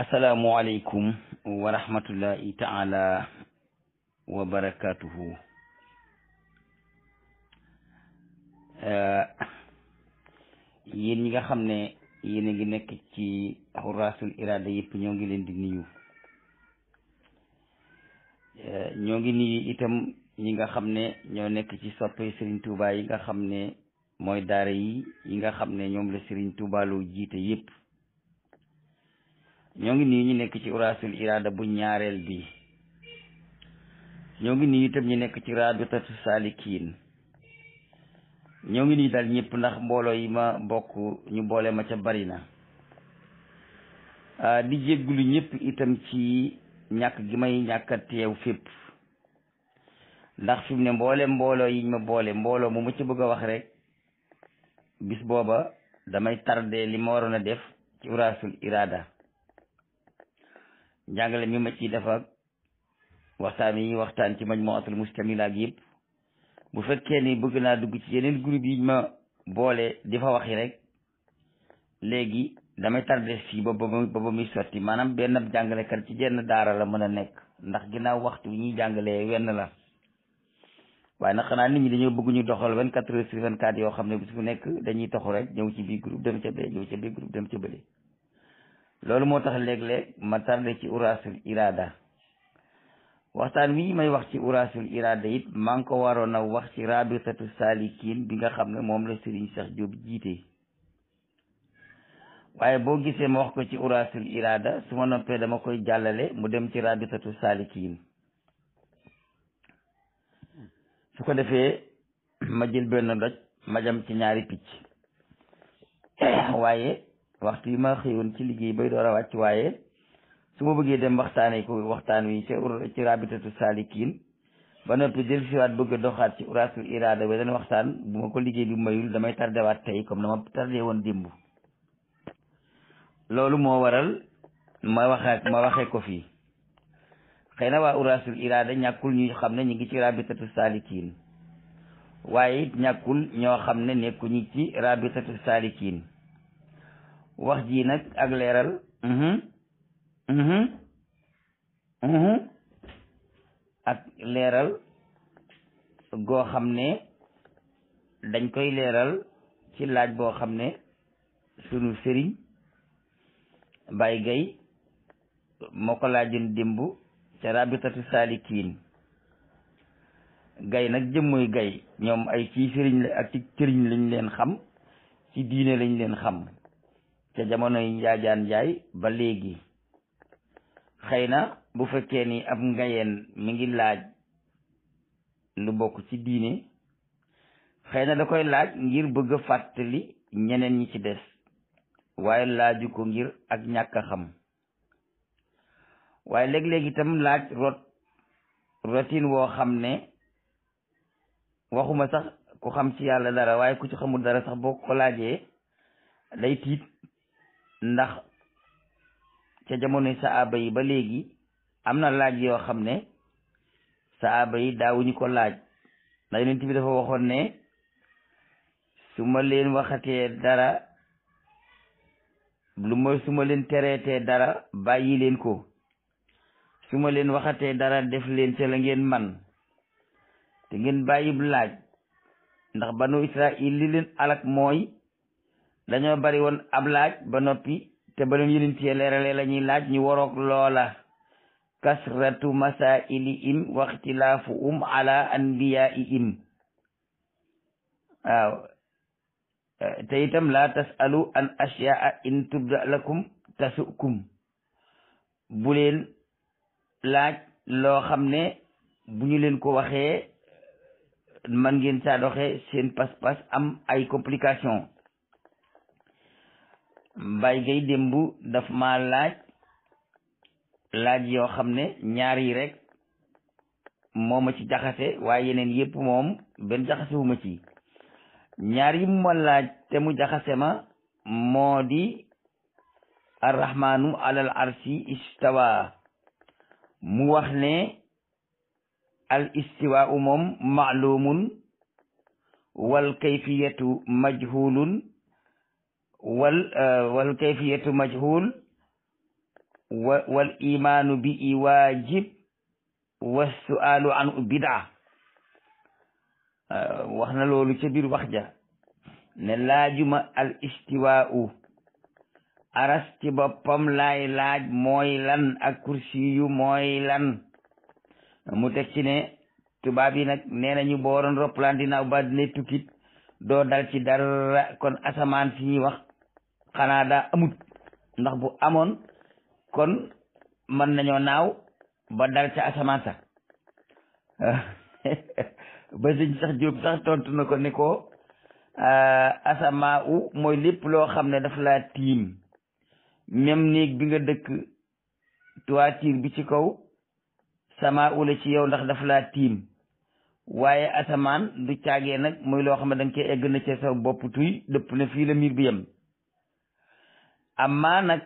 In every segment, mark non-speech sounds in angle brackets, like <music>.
asalaamualeykum wa rahmatullahi taala wa barakatuhu eh, yéen ñi nga xam ne yéen a ngi nekk ci xuraasul irada yëpp ñoo ngi leen di nuyu eh, ñoo ngi nuyu itam ñi nga xam ne ñoo nekk ci soppe Serigne Touba yi nga xam ne mooy daara yi yi nga xam ne ñoom la Serigne Touba loo jiite yëpp ñoo ngi nii ñu nekk ci uraasul iraada bu ñaareel bi ñoo ngi nii itam ñu nekk ci raadu tatu saalikiin ñoo ngi nii daal ñëpp ndax mbooloo yi ma bokk ñu boole ma ca bari na ah, di jéggulu ñépp itam ci ñàkk gi may ñàkk teew fépp ndax fi ne mboole mbooloo yi ma boole mbooloo mu ma ci bëgg a wax rek bis booba damay tardé li ma waroon a def ci uraasul iraada njàngale mi ma ciy def ak waxtaan yi waxtaan ci majmuatul mustamila ak yëpp bu fekkee ni bëgg naa dugg ci yeneen groupe yi ma boole di fa waxi rek léegi damay tardé fii ba ba ba muy sotti maanaam benn jàngalekat ci jenn daara la mën a nekk ndax ginnaaw waxtu wi ñuy jàngalee wenn la waaye nag xanaa nit ñi dañoo bëgg ñu doxal vingt quatre heures sur vingt yoo xam ne bis bu nekk dañuy toxu rek ñëw ci biir groupe dem ca bee ñëw ca biir groupe dem ca loolu moo tax léeg-léeg ma tardé ci uraasul iraada waxtaan wi may wax ci uraasul iraada it maa ngi ko waroon a wax ci rabitatu saalikiin bi nga xam ne moom la sëriñ Cheikh Diop jiite waaye boo gisee ma wax ko ci uraasul iraada su ma noppee dama koy jàllale mu dem ci rabitatu saalikiin su ko defee ma jël benn doj ma jam ci ñaari picc <coughs> waaye waxtu yi ma xëyoon ci liggéey bay door a wàcc waaye su ma bëggee dem waxtaanee ko waxtaan wi ci ci rabitatu saalikiin ba noppi del siwaat bëgg doxaat ci uraasul iraada ba dana waxtaan bu ma ko liggéey bi mayul damay tardewaat tey comme dama tardé woon démb loolu moo waral ma waxaat ma waxee ko fii xëy na waa uraasul iraada ñàkkul ñu xam ne ñu ngi ci rabitatu saalikiin waaye it ñàkkul ñoo xam ne nekkuñu ci rabitatu saalikiin wax ji nag ak leeral mhm. Mhm. Mhm. ak leeral goo xam ne dañ koy leeral ci laaj boo xam ne sunu sëriñ Baye Gaye moo ko laajoon démb ca rabitatu saalikiin gay nag jëmmuy gay ñoom ay ci sëriñ la ak ci sëriñ lañ leen xam ci diine lañ leen xam jamonoy njaajaan njaay ba léegi xëy na bu fekkee ni ab ngayeen mu ngi laaj lu bokk ci diine xëy na da koy laaj ngir bëgg a fàttali ñeneen ñi ci des waaye laaju ko ngir ak ñàkk a xam waaye léeg-léeg itam laaj rot rotin woo xam ne waxuma sax ku xam ci yàlla dara waaye ku ci xamul dara sax boo ko day tiit ndax ca jamonoy saaba yi ba léegi am na laaj yoo xam ne saaba yi daawuñu ko laaj ndax yonent bi dafa waxoon ne su ma leen waxatee dara lu ma su ma leen tereetee dara bàyyi leen ko su ma leen waxatee dara def leen ca la ngeen man te ngeen bàyyi laaj ndax banu Israil li leen alak mooy dañoo bari woon ab laaj ba noppi te ba leen yëlin tiye leerale laaj ñu waroog loola kasratu masaa'ilihim wa ixtilaafuhum ala anbiyaa'ihim waaw te itam laa tasalu an ashyaa in tubda lakum tasukum bu leen laaj loo xam ne bu ñu leen ko waxee man ngeen saa seen pas-pas am ay complication Mbaye Gueye démb daf ma laaj laaj yoo xam ne ñaar rek moo ma ci jaxase waaye yeneen yépp moom benn jaxase ci ñaari yi laaj te mu jaxase ma moo di arrahmanu alal arsi istawa mu wax ne al istiwa u moom maalumun wal kayfiyatu majhulun wal uh, wal kayfiyatu majhul wal imaanu bi i waajib wassualu an bidaa uh, wax na loolu ca biir wax ja ne laajuma al istiwaau aras ci boppam laay laaj mooy lan ak kursiyu mooy lan mu teg ci ne tubaab yi nag nee nañu booroon roplaan dinaaw ba dina tukkit doo dal ci dara kon asamaan si ñuy wax xanaa daa amut ndax bu amoon kon mën nañoo naaw ba dal ca asamaan sax <laughs> ba sëñ sax Jóob sax tontu na ko ne ko ah, asamaa u mooy lépp loo xam ne daf laa tiim même néeg bi nga dëkk toiture bi ci kaw sama ula ci yow ndax daf laa tiim waaye asamaan du caagee nag muy loo xam ne da nga koy egg na ca sa bopp tuy dëpp na fii la bi yem amma nag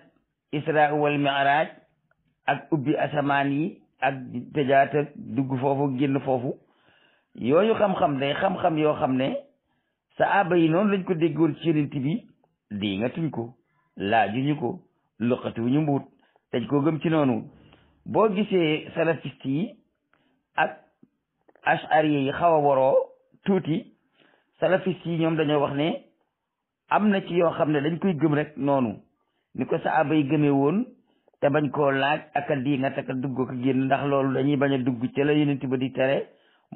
isra wal mi'raj ak ubbi asamaan yi ak tëjaat dugg foofu génn foofu yooyu xam-xam day xam-xam yoo xam ne saaba yi noonu lañ ko déggoon ci yonent bi di nga tuñ ko laajuñu ko luqatuñu mbuut dañ koo gëm ci noonu boo gisee salafiste yi ak ashari yi xaw a waroo tuuti salafiste yi ñoom dañoo wax ne am na ci yoo xam ne dañ koy gëm rek noonu ni ko saaba yi gëmee woon te bañ koo laaj ak a di nga taka dugg ko génn ndax loolu dañuy bañ a dugg ca la yonent ba di tere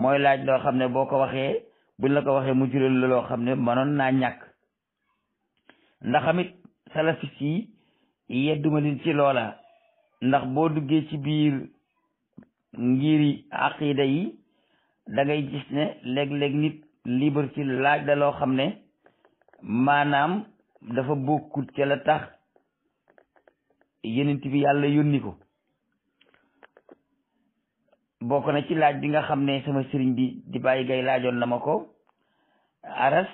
mooy laaj loo xam ne boo ko waxee buñ la ko waxee mu jural la loo xam ne mënoon naa ñàkk ndax amit yi yedduma ci loola ndax boo duggee ci biir ngiri aqida yi da ngay gis ne léeg-léeg nit libre laaj la loo xam ne maanaam dafa bokkut ca la tax yenent bi yàlla yónni ko bokk na ci laaj bi nga xam ne sama sëriñ bi di bàyyi gay laajoon na ma ko aras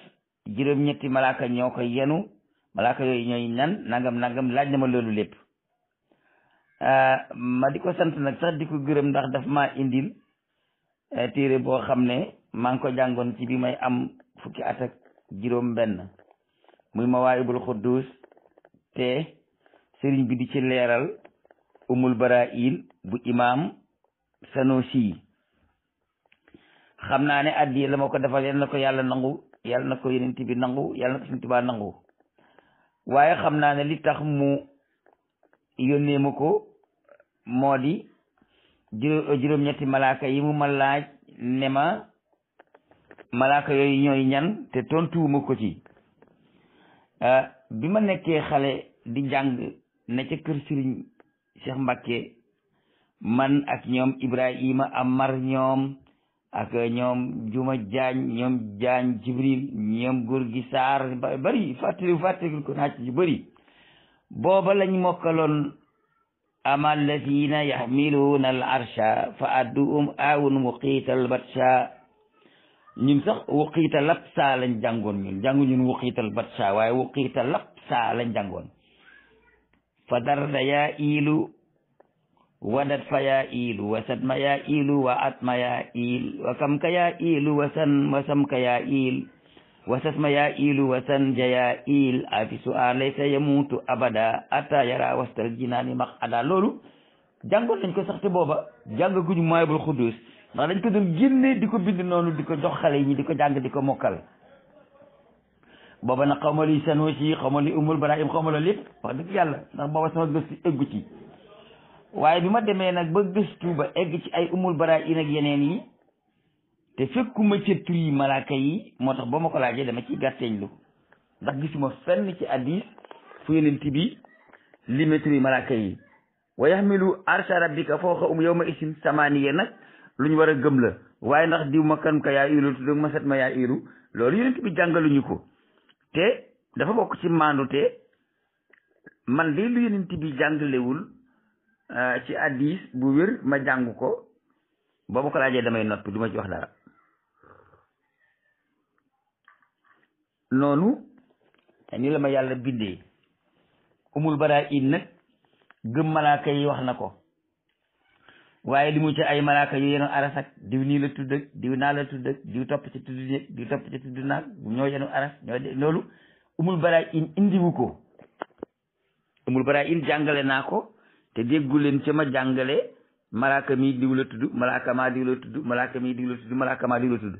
juróom-ñetti malaaka ñoo koy yenu malaaka yooyu ñooy nan nangam nangam laaj na ma loolu lépp euh, ma di ko sant nag sax di ko gërëm ndax daf ma indil euh, téere boo xam ne maa ngi ko jàngoon ci bi may am fukki at ak juróom muy ma waayibul xuddus te sëriñ bi di ci leeral umul barail bu imaam sanosi xam naa ne addi la ma ko defal yal na ko yàlla nangu yal na ko yenent bi nangu yal na nangu waaye xam naa ne li tax mu yónnee ma ko moo di juróom malaaka yi mu ma laaj ne ma malaaka yooyu ñooy te tontuwuma ko ci ah, bi ma nekkee xale di jàng na ca kër sëriñ Cheikh man ak ñoom Ibrahima Amar ñoom ak ñoom Juma Jaañ ñoom Jaañ Jibril ñoom góor gi Saar bari fàttali fàttali ko naa ci bari booba lañ mokkaloon ama alladina yaxmiluuna al arsha fa adduum aawun wuqiita albatsha ñun sax wuqiita labsa lañ jàngoon ñun jàngu ñun wuqiita albatsha waaye wuqiita labsa lañ jàngoon fadarda yaa iilu wadat fa yaa iilu wasatma yaa iilu wa atma yaa iil wa kamka yaa iilu wasan wasamka yaa iil wasasma yaa iilu wasanja yaa iil afisu a laysa yamutu abada ata yara wastal jinaani maq ada loolu jàngoon nañ ko sax te booba jàng guñu maayabul xuddus ndax dañ ko doon génne di ko bind noonu di ko jox xale yi di ko jàng di ko mokkal booba nag xaw ma luy seen ci xaw ma luy umul baraahim xaw ma loolu lépp wax dëgg yàlla ndax booba sama gëstu eggu ci waaye bi ma demee nag ba gëstu ba egg ci ay umul baraahim ak yeneen yi te fekkuma ca tur yi malaaka yi moo tax ba ma ko laajee dama ciy gàtteeñlu ndax gisuma fenn ci hadiis fu yonent bi limee tur yi malaaka yi wa yaxmilu arsha rabbika fawqa um yawma isin samaaniya nag lu ñu war a gëm la waaye ndax diw ma kan ka yaa iru ma set loolu yonent jàngaluñu ko te dafa bokk ci maandute man lii lu yonent bi jàngalewul euh, ci hadiis bu wér ma jàng ko boobu ko laajee damay noppi du ma ci wax dara noonu ni la ma yàlla bindee umul baraa in nag gëm malaaka yi wax na ko waaye li mu ci ay malaaka yu yenu aras ak diw nii la tudd diw naa la tudd ak diw topp ci tudd nii diw topp ci tudd naa ñoo yenu aras ñoo de loolu umul in indiwu ko umul baraa in jàngale naa ko te déggu leen ca ma jàngale malaaka mii diw la tudd malaaka maa diw la tudd mii diw la malaaka maa diw la tudd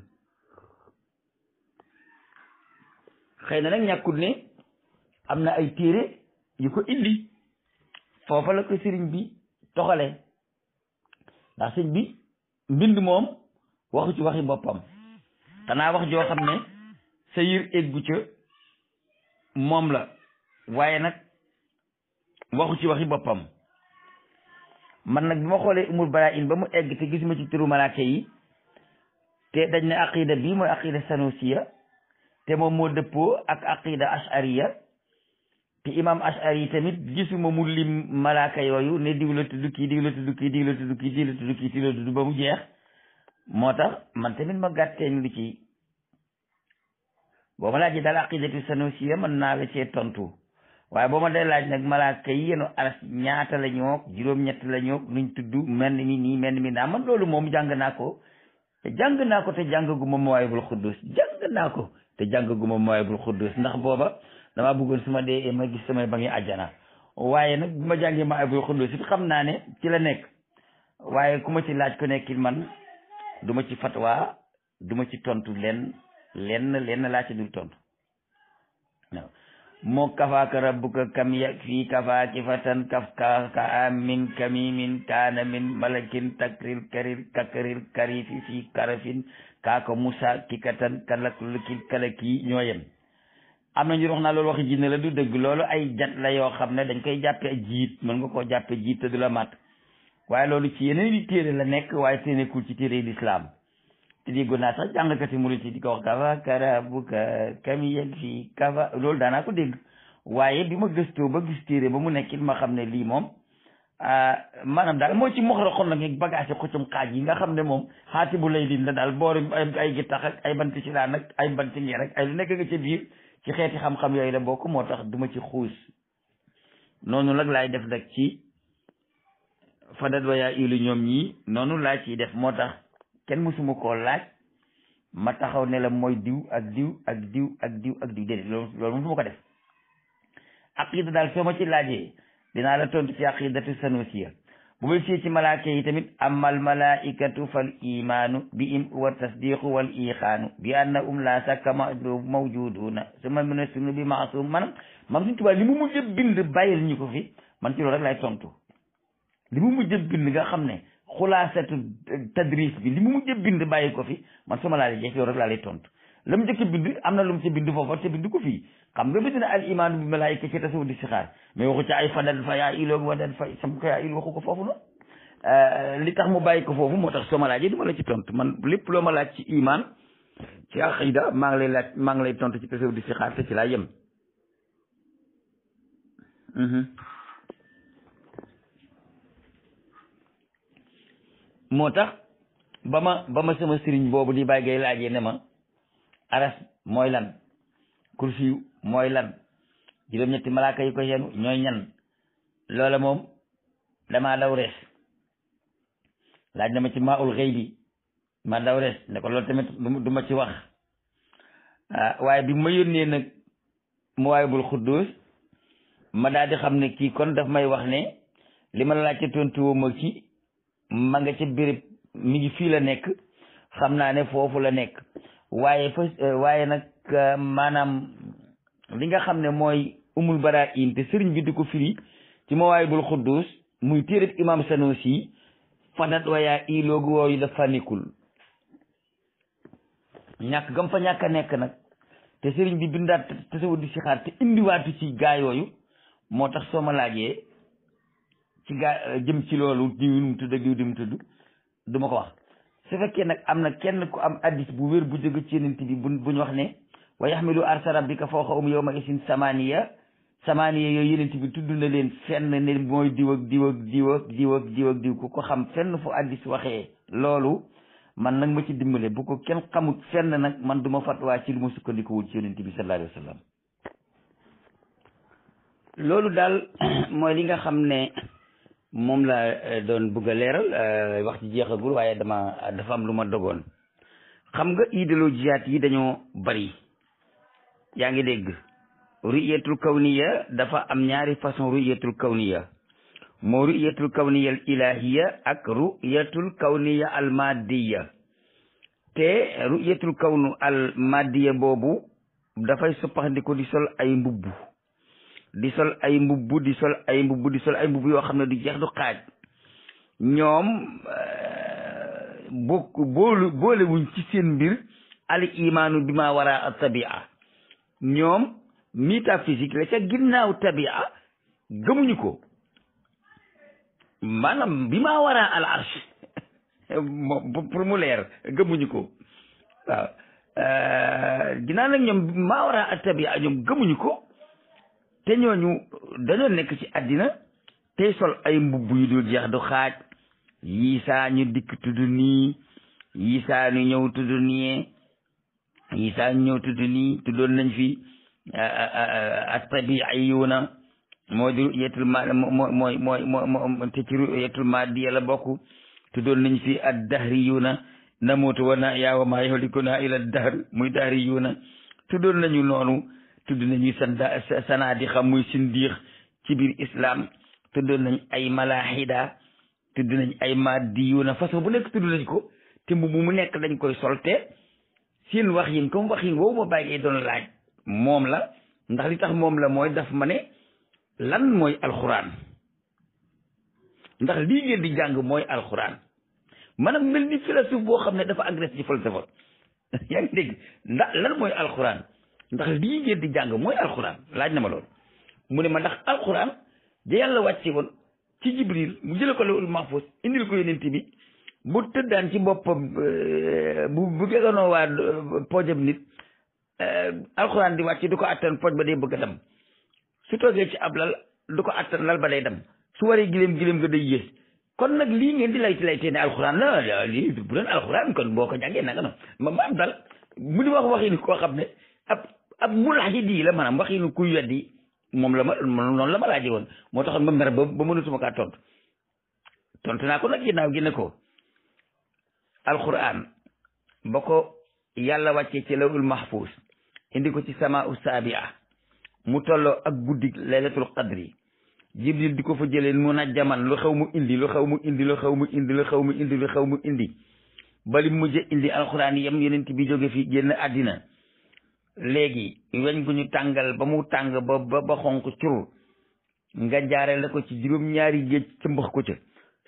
xëy na nag ñàkkul ne am na ay téere yu ko indi foofa ko sëriñ bi toxale ndax sëñ bi mbind moom waxu ci waxi boppam xanaa wax joo xam ne sa yir eggu ca moom la waaye nag waxu ci waxi boppam man nag bi ma xoolee umul bara in ba mu egg te gisuma ci turu malaake yi te dañ ne aqida bii mooy aqida sanusiya te moom moo dëppoo ak aqida ashariya te imam ashari tamit gisuma mu lim malaaka yooyu ne diw la tudd kii diw la tudd kii diw la tudd kii diw tudd kii diw tudd ba mu jeex moo tax man tamit ma gàtteeñ lu ci boo ma laajee daal aqidatu sanusiya mën naa la cee tontu waaye boo ma dee laaj nag malaaka yi yenu aras ñaata la ñook juróom-ñett la ñook nuñ tudd mel mi nii mel mi naa man loolu moom jàng naa ko te jàng naa ko te jàng guma mawaayibul xuddus jàng naa ko te jàng guma mawaayibul xuddus ndax booba dama bëggoon su ma dee ma gis samay ba ngi àjjana waaye nag bu ma jàngee ma ay koy xuddu xam naa ne ci la nekk waaye ku ma ci laaj ku nekkil man duma ci fatwa du ci tontu lenn lenn lenn laa ci dul tontu moo kafaaka rabbuka kam ya fii kafaaki fatan kafka ka am min kamimin kaana min malakin takril karir kakaril karifi fii kaaka musa kikatan kalak lukil kalaki am na ñu wax naa loolu waxi jinne la du dëgg loolu ay jat la yoo xam ne dañ koy jàppe jiit mën nga koo jàppe jiit te du la mat waaye loolu ci yeneen i téere la nekk waaye te nekkul ci téere lislaam te déggoon naa yi di ko wax kafa kara bu ka kamiyel fii loolu daanaa ko dégg waaye bi ma gëstoo ba gis ba mu nekkit ma xam ne lii moom ah, maanaam daal moo ci moxra xon la nge bagage yi xuccum xaaj yi nga xam ne moom xaati bu lay din la daal boori ay gittax ak ay banti si laan ak ay banti ngeer ak ay lu nekk nga ca biir ci xeeti xam-xam yooyu la bokk moo tax duma ci xuus noonu nag laay def nag ci fadat wayaa ilu ñoom ñii noonu laa ciy def moo tax kenn mësuma koo laaj ma taxaw ne la mooy diw ak diw ak diw ak diw ak diw déedéet loolu loolu mësuma ko def aqida daal soo ma ci laajee dinaa la tontu ci aqidatu sanusiya bo welsee ci malaaka yi tamit amal malaikatu fal imaanu bi im wa tasdiqu wal iqaanu bi anna um la sakka mawjuduna suma mina sunu bi maasum maanaam maam suñ tubaab li mu mujj bind bàyyil ñu ko fi man ci loolu rek tontu li mu mujj bind nga xam ne xulaasatu tadris bi li mu mujj bind bàyyi ko fi man suma laa lay jeex loolu rek tontu la mu njëkk a bind am na lu mu ca bind foofa te bind ko fii xam nga bind na al iman bi malaayika ci tasawuf di sixaar mais waxu ca ay fadal fa yaa iloog wadal fa sam ko yaa il waxu ko foofu noonu euh, li tax mu bàyyi ko foofu moo tax soo ma laajee du ma la ci tontu man lépp loo ma laaj ci iman ci aqida maa ngi lay laaj maa ngi lay tontu ci tasawuf di sixaar te ci laa yem mhm. moo tax ba ma ba ma sama sëriñ boobu di bàyyi ngay laajee ne ma aras mooy lan kursiyu mooy lan juróom-ñetti malaaka yi ko yenu ñooy ñan loola moom dama daw laaj na ma ci maa ul xëy bi ma daw rees ko loolu tamit du ma ci wax ah, waaye bi ma yónnee nag mu waay bul xudduus ma daal di xam ne kii kon daf may wax ne li ma la laaj ca tontu woo ma ci ma nga ca béréb mi ngi fii la nekk xam naa ne foofu la nekk waaye fa eh, waaye nag eh, maanaam li nga xam ne mooy umul barain te sëriñ bi di ko firi ci mawaayibul xuddus muy téereb imam sanusi fadat wayaa i loogu wooyu dafa nekkul ñàkk gam fa ñàkk a nekk nag te sëriñ bi bindaat te sa wëddi si xaar te indiwaatu ci gaa yooyu moo tax soo ma laajee ci gaa eh, jëm ci loolu diw mu tudd ak diw tudd du ma ko wax su fekkee nag am na kenn ku am addis bu wér bu jóge ci yonent bi bu buñ wax ne wa yaxmilu arsa rabbika fawqahum yawma isin samaniya samaniya yooyu yonent bi tudd na leen fenn ne mooy diw ak diw ak diw ak diw ak diw ak diw ku ko xam fenn fu addis waxee loolu man nag ma ci dimbale bu ko kenn xamut fenn nag man duma ma fatwaa ci lu ma sukkandikuwul ci yonent bi sallallahu alayhi wa loolu daal <clears throat> mooy li nga xam ne moom laa eh, doon bëgg a leeral eh, wax ci jeexagul waaye dama dafa am lu ma dogoon xam nga idéologiyaat yi dañoo bari yaa ngi dégg ruyatul kawniya dafa am ñaari façon ruyatul kawniya moo ruyatul kawniya al ilahiya ak ruyatul kawniya al maddiya te ruyatul kawnu al maddiya boobu dafay suppaxndiku di sol ay mbubb di sol ay mbubb di sol ay mbubb di sol ay mbubb yoo xam ne du jeex du xaaj ñoom euh, bokk boolu boolewuñ ci seen mbir al imaanu bi ma wara a tabia ñoom métaphysique la ginnaaw tabia gëmuñu ko maanaam bi ma wara al arsh <laughs> pour mu leer gëmuñu ko waaw euh, ginnaaw nag ñoom maa wara a tabia ñoom gëmuñu ko te ñooñu dañoo nekk ci àddina tey sol ay mbubb yu dul jeex du xaaj yii saa ñu dikk tudd nii yii saa ñu ñëw tudd nii yii saa ñu ñëw tudd nii tuddoon nañ fi attabiiyuuna moo yetul ma moo mooy mooy moo te ci yetul ma di yàlla bokk tuddoon nañ fi addahriyuuna namuutu wa nahyaa wa maa yahlikuna illa ad-dahr muy dahriyuuna tuddoon nañu noonu tudd nañu sanda sanaadixa muy sindiix ci biir islam tudd nañ ay malaaxida tudd nañ ay maadiyuna façon bu nekk tudd nañ ko te mbubb mu nekk dañ koy solte seen wax yin comme wax yin woowu ma bàyyi doon laaj moom la ndax li tax moom la mooy daf ma ne lan mooy alxuraan ndax lii ngeen di jàng mooy alxuraan maanaam mel ni philosophe boo xam ne dafa agressé ci falsafa <laughs> yaa ngi dégg ndax lan mooy alxuraan ndax lii ngeen di jàng mooy alxuraan laaj na ma loolu mu ne ma ndax alxuraan da yàlla wàcce woon ci jibril mu jële ko lawul mahfuz indil ko yonent bi bu tëddaan ci boppam euh, bu bu geganoo waa euh, poojam nit euh, alxuraan di wàcc du ko attan pooj ba day bëgg a dem su toogee ci ab lal du ko attan lal ba day dem su waree gileem gileem nga day kon nag lii ngeen di layti laytee alxuraan la lii bu doon alxuraan kon boo ko jàngee nanga noonu ma ma am dal mu di wax waxi koo xam ne ab ab mulahid yi la maanaam wax yi nu kuy weddi moom la ma noonu la ma woon moo tax ma mer ba ba mënatuma kaa tontu tontu naa ko nag ginnaaw gi ne ko alquran ba ko yàlla wàccee ci lawul mahfuz indi ko ci sama u saabia mu tollo ak guddi laylatul qadri jibril di ko fa jëlee mu najjaman loo xew mu indi lu xew mu indi lu xew mu indi lu xew mu indi lu xew mu indi bali mujj indi alquran yam yonent bi jóge fi génn àddina léegi weñ gu ñu tàngal ba mu tàng ba ba ba xonq cur nga jaare la ko ci juróom-ñaari géej ca mbax ko ca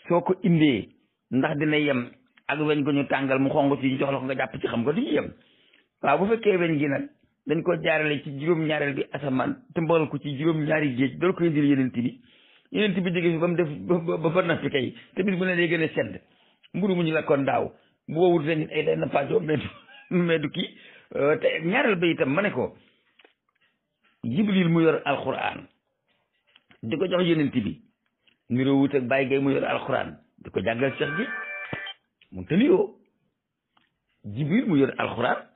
soo ko indee ndax dina yem ak weñ gu ñu tàngal mu xonq ci jox la ko nga jàpp ci xam nga du yem waaw bu fekkee weñ gi nag dañ ko jaarale ci juróom-ñaareel bi ko ci juróom-ñaari géej dool ko indil yeneen bi yeneen bi jóge ba mu def ba ba noppi kay te bis bu ne day gën a sedd mburu mu ñu lakkoon daaw bu wowut ren nappaajoo mais du <laughs> mais Euh, te ñaareel ba itam ma ne ko jibril mu yor alquran di ko jox yonent bi niroo wut ak bàyyi gay di ko jàngal seex bi mu tëliyoo jibril mu yor alxuraan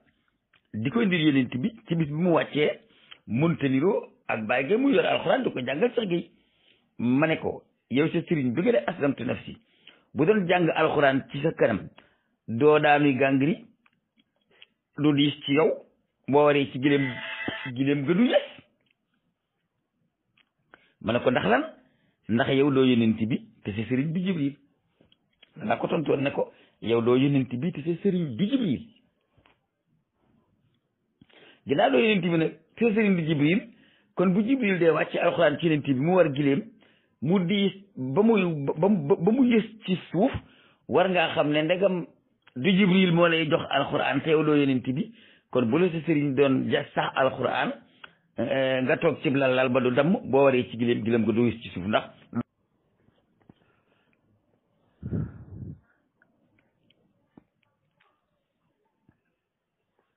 di koy ndir yonent bi ci bi mu wàccee mënta niroo ak bàyyi gay mu yor alxuraan di ko jàngal sax gi ma ne ko yow sa sëriñ bi nga dee aslamtu nafsi bu doon jàng alxuraan ci sa kanam doo daanuy gàngri lu diis ci yow boo waree ci gileem gileem gëdu yes ma ko ndax lan ndax yow doo yonent bi te sa sëriñ bi jibril danaa ko tontoon ne ko yow doo yonent bi te sa sëriñ bi jibril ginnaaw doo yonent bi nag te sa sëriñ jibril kon bu jibril dee wàcc alxuraan ci yonent bi mu war gileem mu diis ba muy ba mu yës ci suuf war ngaa xam ne ndegam du jibril moo lay jox alquran te yow doo yonent bi kon bu la sa doon ja sax alquran eh, nga toog cib lal ba du damm boo waree ci gileem gileem nga doo gis ci suuf ndax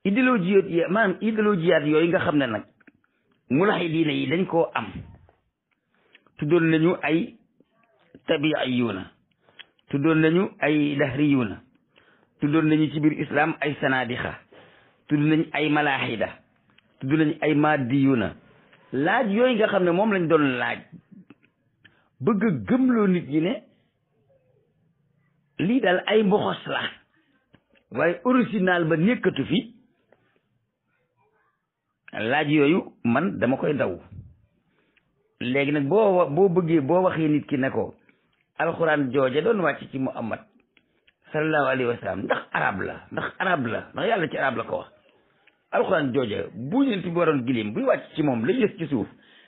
idéologie yooyu nga xam ne nag mulaxi diine yi dañ koo am tuddoon lañu ay tabiayuuna tuddoon lañu ay dahriyuuna tuddoon nañu ci biir islaam ay sanadixa tudd nañ ay malaaxida tudd nañ ay na laaj yooyu nga xam ne moom lañ doon laaj bëgg a gëmloo nit ñi ne lii daal ay mboxos la waaye original ba nekkatu fi laaj yooyu man dama koy daw léegi nag boo boo bëggee boo waxee nit ki ne ko alxuraan jooje doon wàcc ci Muhammad sallallahu alayhi ndax arab la ndax arab la yàlla ci arab la ko wax alxuraan jooja bu ñent bi waroon gilim buy wàcc ci moom lañ des ci suuf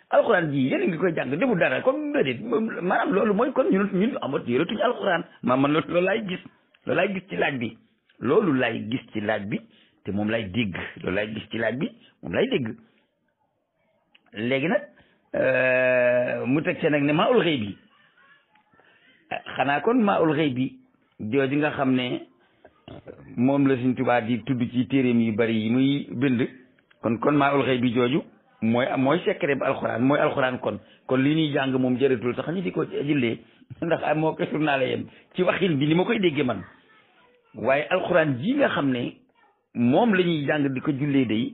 alxuraan ji yéen ngi koy jàng defu dara comme déedéet maanaam loolu mooy kon ñun ñun amat yoratuñu alxuraan maa man loolu loolu laay gis ci laaj bi loolu lay gis ci laaj bi te moom lay dégg loolu laay gis ci laaj bi moom lay dégg léegi nag euh, mu teg see nag ne maa ul bi ah, xanaa kon maa ul bi jooju nga xam ne moom la Sëñ Tuubaa di tudd ci téeréem yu bari yi muy bind kon kon maa ul bi jooju mooy mooy secret bi alxuraan mooy alxuraan kon kon li ñuy jàng moom jëretul sax ñu di ko jullee <laughs> ndax a moo ko ci waxin bi ma koy déggee man ji nga xam ne moom la jàng di ko jullee day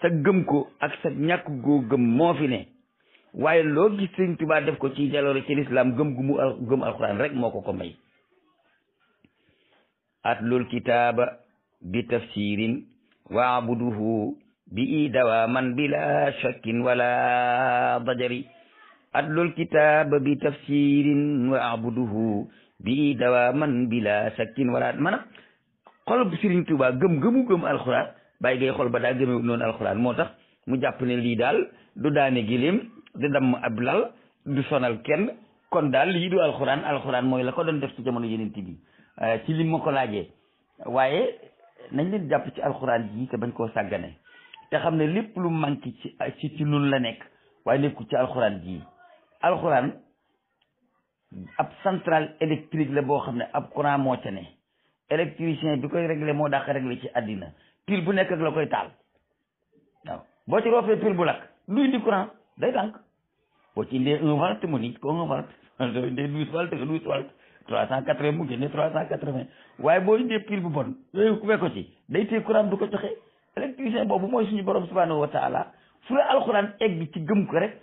sa gëm ko ak sa ñàkk goo gëm moo fi ne waaye loo gis Sëñ Tuubaa def ko ci jaloore ci lislaam gëm gu gëm alxuraan rek moo ko ko may atlul kitaaba bi tafsirin waabuduhu bi i dawaman bila shakkin wala dajari atlul kitaaba bi tafsirin waabuduhu bi i man bila shakkin wala maanaam xol Sëriñ Tuubaa gëm gëmu gëm alxuraan bàyyi gay xol ba daa gëmewu noonu alxuraan moo tax mu jàpp ne lii daal du daane gilim du damm ab lal du sonal kenn kon daal lii du alxuraan alxuraan mooy la ko doon def ci jamono yeneen bi Euh, ci lim ma ko laajee waaye nañ leen jàpp ci alxuraan ji te bañ koo sàggane te xam ne lépp lu manqué ci ci ci nun la nekk waaye lépp ci alxuraan ji alxuraan ab centrale électrique la boo xam ne ab courant moo ca ne électricien bi koy réglé moo dàq réglé ci àddina pile bu nekk ak la koy taal waaw boo ci roofee pile bu lakk luy indi courant day tànk boo ci indee un volt mu nit ko un volt doo <laughs> indee douze volt nga douze volt trois cent quatre-vingt mu génne trois cent quatre waaye boo indee pile bu bon yooyu ku fekk ko ci day téye courant du ko joxe électricien boobu mooy suñu borom subhanahu wa taala fu la alxuraan egg ci gëm ko rek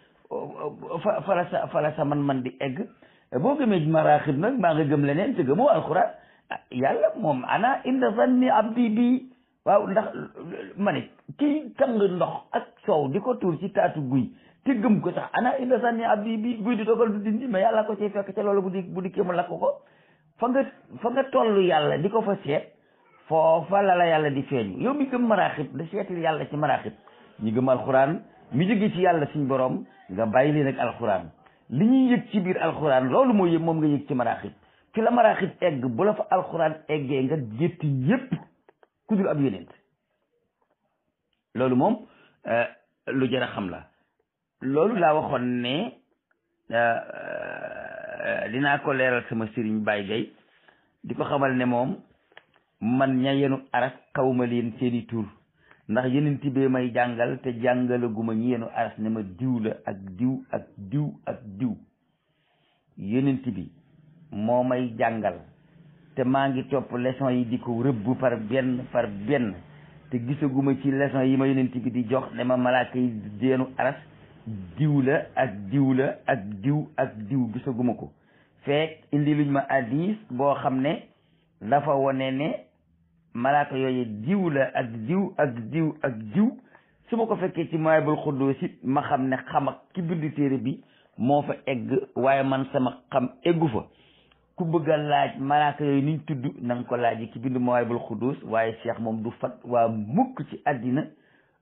fa fala sa fala sa man-man di egg boo gëmee maraaxib nag maa nga gëm leneen te gëmoo alxuraan ah, yàlla moom ana inda zanni abdi bi waaw ndax ma ne kii ndox ak soow di ko tuur ci taatu guy te gëm ko sax ana inda sànni ab bi bi buy di dogal du dindi mais yàlla ko ci fekk ca loolu bu bu dikkee mu lakk ko fa nga fa nga toll yàlla di ko fa seet foofa la la yàlla di feeñu yow mi gëm maraaxib da seetil yàlla ci maraaxib ñi gëm alxuraan mi jóge ci yàlla suñ boroom nga bàyyi leen ak alxuraan li ñuy yëg ci biir alxuraan loolu moo yëg moom nga yëg ci maraaxib fi la maraaxib egg bu la fa alxuraan eggee nga gétti yépp ku dul ab yonent loolu moom euh, lu jar xam la loolu laa waxoon ne euh, euh, dinaa ko leeral sama sëriñ Baye Gueye di ko xamal ne moom man ña yenu aras xawma leen seeni tur ndax yeneen tibee may jàngal te jàngalaguma ñi yenu aras ne ma diw la ak diw ak diw ak diw yeneen tibi moo may jàngal te maa ngi topp leçon yi di ko rëbb par benn par benn te gisaguma ci leçon yi ma yeneen tibi di jox ne ma malaaka yi di yenu aras diw la ak diw la ak diw ak diw gisaguma ko fekk indi liñ ma hadis boo xam ne dafa wone ne malaaka yooyu diw la ak diw ak diw ak diw su ma ko fekkee ci maybul xuddus it ma xam ne xam ak ki bind téere bi moo fa egg waaye man sama xam eggu fa ku bëgg laaj malaaka yooyu niñ tudd na ko laaj yi ki bind mawaybul xuddus waaye cheikh moom du fat waa mukk ci àddina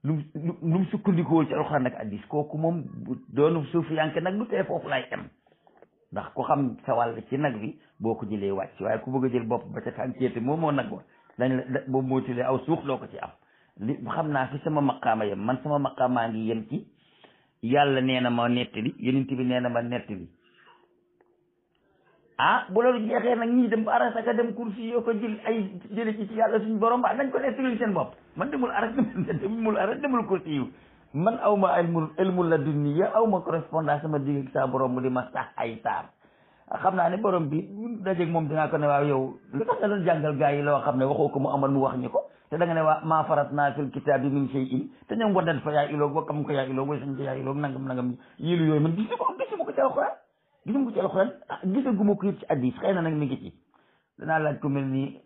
lu mu lu mu sukkandikoo ci alxuraan ak addis kooku moom doonu suuf yanke nag lu tee foofu lay em ndax ku xam sa wàll ci nag bi boo ko jëlee wàcc waaye ku bëgg a jël bopp ba ca tànkeete moom moo nag wa dañ la boo moytulee aw suux doo ko ci am li xam naa fi sama maqaama yem man sama maqaamaa ngi yem ci yàlla nee na ma nettali yonent bi nee na ma nettali ah bu loolu jeexee nag ñii dem ba aras aka dem kursi yoo ko jël ay jële ci ci yàlla suñu borom ba nañ ko nettali seen bopp man demul aras demul aras demul kursi yu man aw ma ilmu ilmu la dunia aw ma correspondance sama digg ak saa borom mu di ma sax ay saar xam naa ne borom bi dajeeg moom dinaa ko ne waaw yow lu tax nga doon jàngal gaa yi loo xam ne waxoo ko mu amal mu wax ñi ko te da nga ne waa maa farat naa fil kitaabi min shay'in te ñoom waddat gis nga ko ci alxuraan ah gisaguma addis xëy na nag mi ngi ci danaa laaj ko mel ni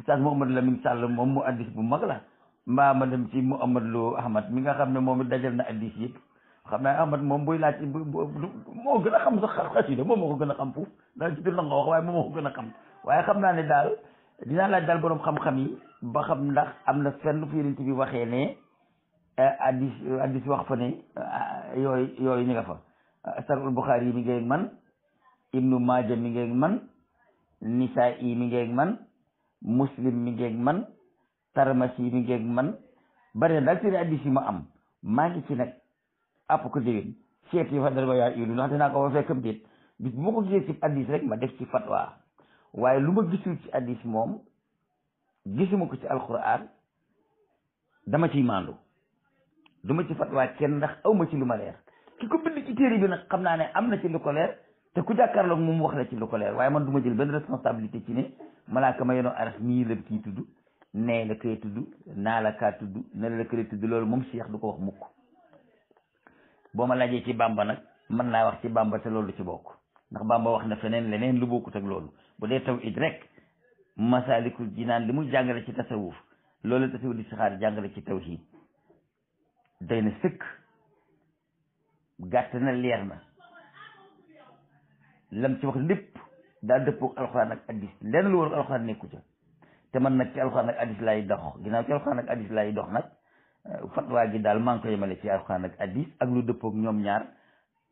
Oustaz Mouhamadou Lamine Sall moom mu addis bu mag la mbaa ma dem ci Mouhamadou Lo Ahmad mi nga xam ne moom it dajal na addis yëpp xam naa Ahmad moom buy laaj moo gën a xam sax xasida moom moo ko gën a xam foofu daal ci biir la nga wax waaye moom moo ko gën a xam waaye xam naa ne daal dinaa laaj daal boroom xam-xam yi ba xam ndax am na fenn fu yonent bi waxee ne eh, addis addis wax fa ne ah, yooyu yooyu ñu nga fa sarul Buxaari yi mi ngi man Ibnu Maaja mi ngi ak man Nisaa'i mi ngi man Muslim mi ngi ak man Tarmasi mi ngi ak man bare daal seen addis yi ma am maa ngi ci nag àpp ko déwén seet yi fa dara ba yaa ilu ndax dinaa ko fa fekkam déet ma ko gisee ci addis rek ma def ci fatwa waaye lu ma gisul ci addis moom gisuma ko ci alquran dama ci maandu duma ci fatwa kenn aw ma ci lu ma leer ki ko bind ci téere bi nag xam naa ne am na ci lu ko te ku jàkkaarloog mu wax la ci lu ko leer waaye man du ma jël benn responsabilité ci ne malaaka ma yenoo aras nii la kii tudd nee la koy tudd naa la kaa tudd ne la koy tudd loolu moom Cheikh du ko wax mukk boo ma laajee ci Bamba nag man naa wax ci bàmba te loolu ci bokk ndax Bamba wax na feneen leneen lu bokkut ak loolu bu dee taw it rek masaalikul naan li muy jàngale ci tasawuf loolu tasawuf di saxaar jàngale ci tawhid day gàtt na leer na lam ci wax lépp daal dëppoo ak alxuraan ak addis lenn lu war alxuraan nekku ca te man nag ci alxuraan ak addis laay dox ginnaaw ci alxuraan ak addis laay dox nag eh, fatwa gi daal maa ngi ko yemale ci alxuraan ak addis ak lu dëppook ñoom ñaar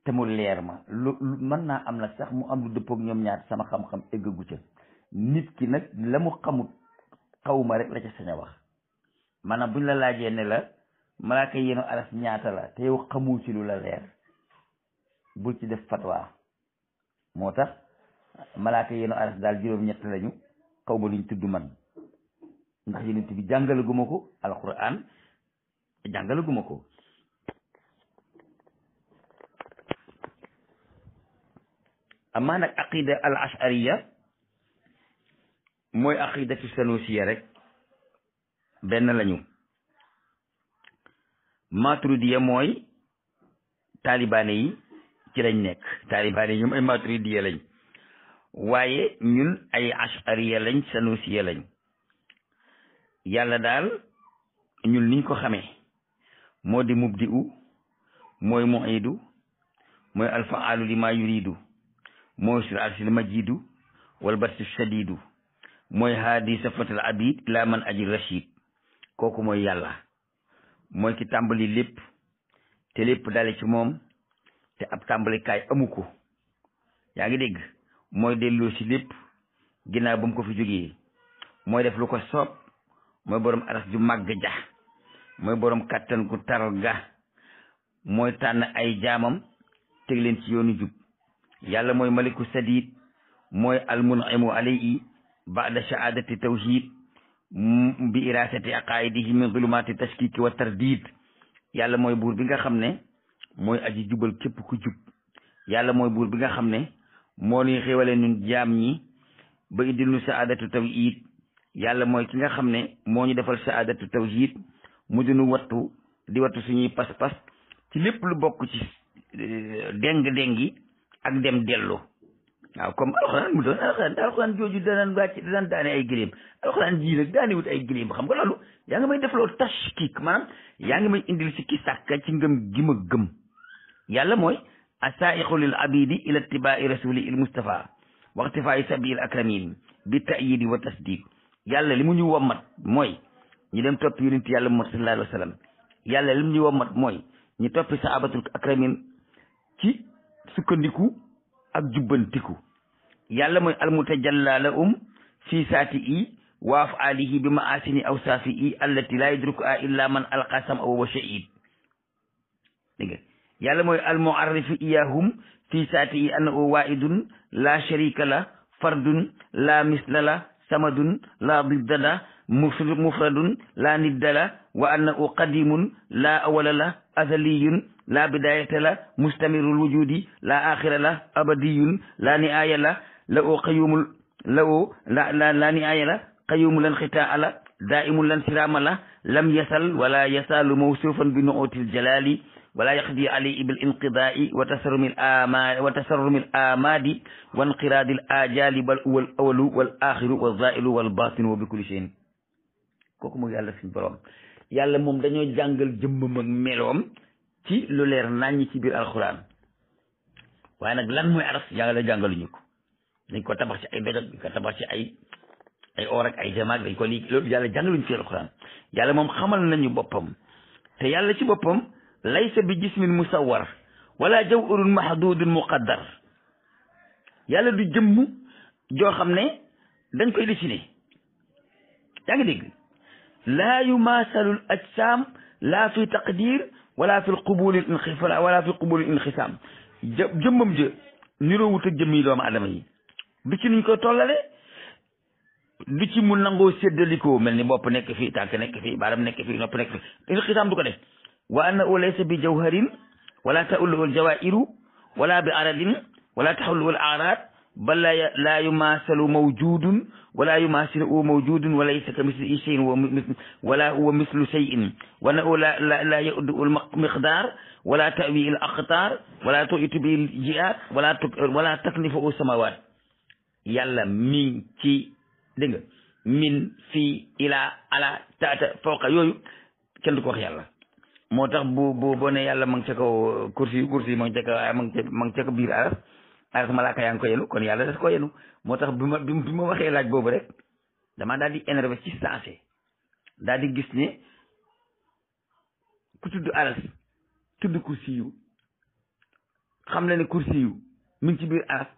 te mu leer ma lu mën naa am na sax mu am lu dëppoo ñoom ñaar sama xam-xam eggagu ca nit ki nag la mu xamut xaw ma rek la ca sañ a wax maanaam buñ la laajee ne la malaaka yéenu aras ñaata la te xamu ci lu la leer bu ci def fatwa moo tax malaaka yeenu aras daal juróom-ñett lañu xaw luñ tudd man ndax yonent bi jàngalaguma ko alquran jàngalaguma ko amaa nag aqida al ashariya mooy aqidatu sanusiya rek benn lañu maturidiya mooy taalibaane yi ci lañ nekk taalibaan yi ñoom ay maturidiya lañ waaye ñun ay ashariya lañ sanusiya lañ yàlla daal ñun niñ ko xamee moo di mubdi u mooy muidu mooy alfaalu li ma yuridu mooy sur arsil majidu wal basu shadidu mooy haadi safatal abid ila man aji rashid kooku mooy yàlla mooy ki tàmbali lépp te lépp dale ci moom te ab tàmbalikaay amu ko yaa ngi dégg mooy delloo si lépp ginnaaw ba mu ko fi jógee mooy def lu ko soob mooy boroom aras ju màgg ja mooy boroom kàttan ku tar ga mooy tànn ay jaamam teg leen ci yoonu jub yàlla mooy maliku sadid mooy almun'imu alayhi ba'da shahadati tawhid bi irasati aqaidihim min zulumati tashkiki wa tardid yàlla mooy buur bi nga xam ne mooy aji jubal képp ku jub yàlla mooy buur bi nga xam ne moo ni xéwale nun jaam ñi ba indil nu saadatu tawhid yàlla mooy ki nga xam ne moo ñu defal saadatu tawhid mu dinu wattu di wattu suñuy pas-pas ci lépp lu bokk ci euh, déng-déng yi ak dem dellu waaw comme alxuraan mu doon alxuraan alxuraan jooju danaan wàcc danaan daane ay gëléem alxuraan jii nag daane wut ay gëléem xam nga loolu yaa ngi may def loolu tashkik maanaam yaa ngi may indil si ki sàkka ci ngëm gi ma gëm yàlla mooy asaiqu lil abidi ila tibai rasuli il mustafa waxtifaayi sabiil akramin bi tayidi wa tasdiq yàlla li mu ñu wommat mooy ñu dem topp yonent yàlla Muhammad sallallahu alayhi wa sallam yàlla li mu ñu wommat mooy ñu toppi saabatul akramin ci sukkandiku ak jubbantiku yàlla mooy almutajalla la um fi saati i waaf alihi bi ma asini aw saafi i allati laa yudriku a illa man alqasam aw wa shahid dégg nga yàlla mooy almuarrifu iyahum fi saati yi anna o waidun la sharika la fardun la misla la samadun la didda la mufradun la nidda la wa anna o qadimun la awala la azaliyun la bidayata la mustamirul wujudi la axira la abadiyun la niaya la la o qayumul la o la la niaya la qayumu lan xitaa la daimu lan sirama la lam yasal wala yasalu mawsufan bi nuutil jalali wala yaqdi alayhi bil wa tasarrumi l ama wa tasarrumi l amadi wa inqiradi wal awalu wal axiru wa zailu wal batinu wa bi kulli shay'in kooku mooy yàlla suñ borom yàlla moom dañoo jàngal jëmmam ak meloom ci lu leer naññ ci biir alxuraan waaye nag lan mooy aras yàlla jàngaluñu ko dañ ko tabax ci ay béjot ko tabax ci ay ay moom xamal nañu boppam te yàlla ci boppam laysa bi jismin musawwar wala jawhurun mahdudun muqaddar yàlla du jëmm joo xam ne dañ koy dessiné yaa ngi dégg laa yumasalul ajsaam laa fi taqdir wala fi qubulil inxi wala fi qubulil inxisaam jë jëmmam jë niroowut doomu adama yi du ci nuñ koy tollale du ci mu nangoo séddalikoo mel ni bopp nekk fii tànk nekk fii baaram nekk fii nopp nekk fii inxisaam du ko de wa annahu laysa bi jawharin wala ta'ulluhu aljawairu wala bi aradin wala tahulluhu alarad bal la yumasalu mawjudun wala yumasilu mawjudun wa laysa kamislihi shay'un wala huwa mislu shay'in wa annahu la ya'udu almiqdar wala ta'wi alaqtar wala tu'itu bi aljiat wala wala taklifu samawat yàlla min ci dégg nga min fii ila ala taata fooqa yooyu kenn du ko wax yàlla moo tax bu bu boo ne yàlla ma ngi ca yu kursi yi ma ngi ca kaw ma biir aras aras malaaka yaa ngi ko yenu kon yàlla daf ko yenu moo tax bi ma bi ma waxee laaj boobu rek damaa daal di énervé ci sensé daal di gis ne ku tudd aras tudd kursi yu xam na ne kursi yu mi ci biir aras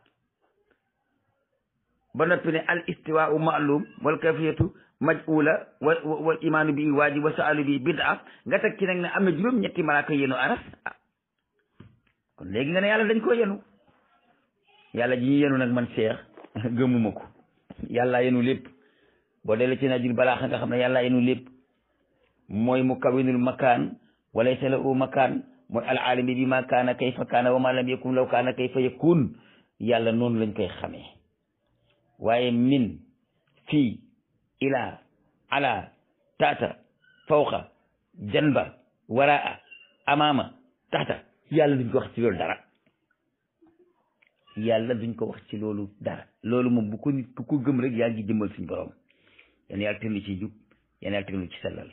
ba noppi ne al istiwa maalum wal kayfiyatu majula wa wal imaanu bi waajib wa saalu bi bid'a nga teg ci nag am na juróom ñetti malaaka yenu aras kon léegi nga ne yàlla dañ ko yenu yàlla ji ñu yenu nag man seex <laughs> gëmuma ko yàlla yenu lépp boo balaa nga xam yàlla yenu lépp mooy mu kawinul makaan walaysa lahu makaan mooy al alimi bi ma kaana kayfa kaana wa ma lam yakun law kaana kayfa yakun yàlla noonu lañ koy xamee waaye min fii ila ala taata fawqa janba waraa amaama taxta yàlla duñ ko wax ci loolu dara yàlla duñ ko wax ci loolu dara loolu moom bu ko nit ku ko gëm rek yaa ngi jëmmal suñ borom yéen yàlla teg na ci jub yéen yàlla teg na ci sellal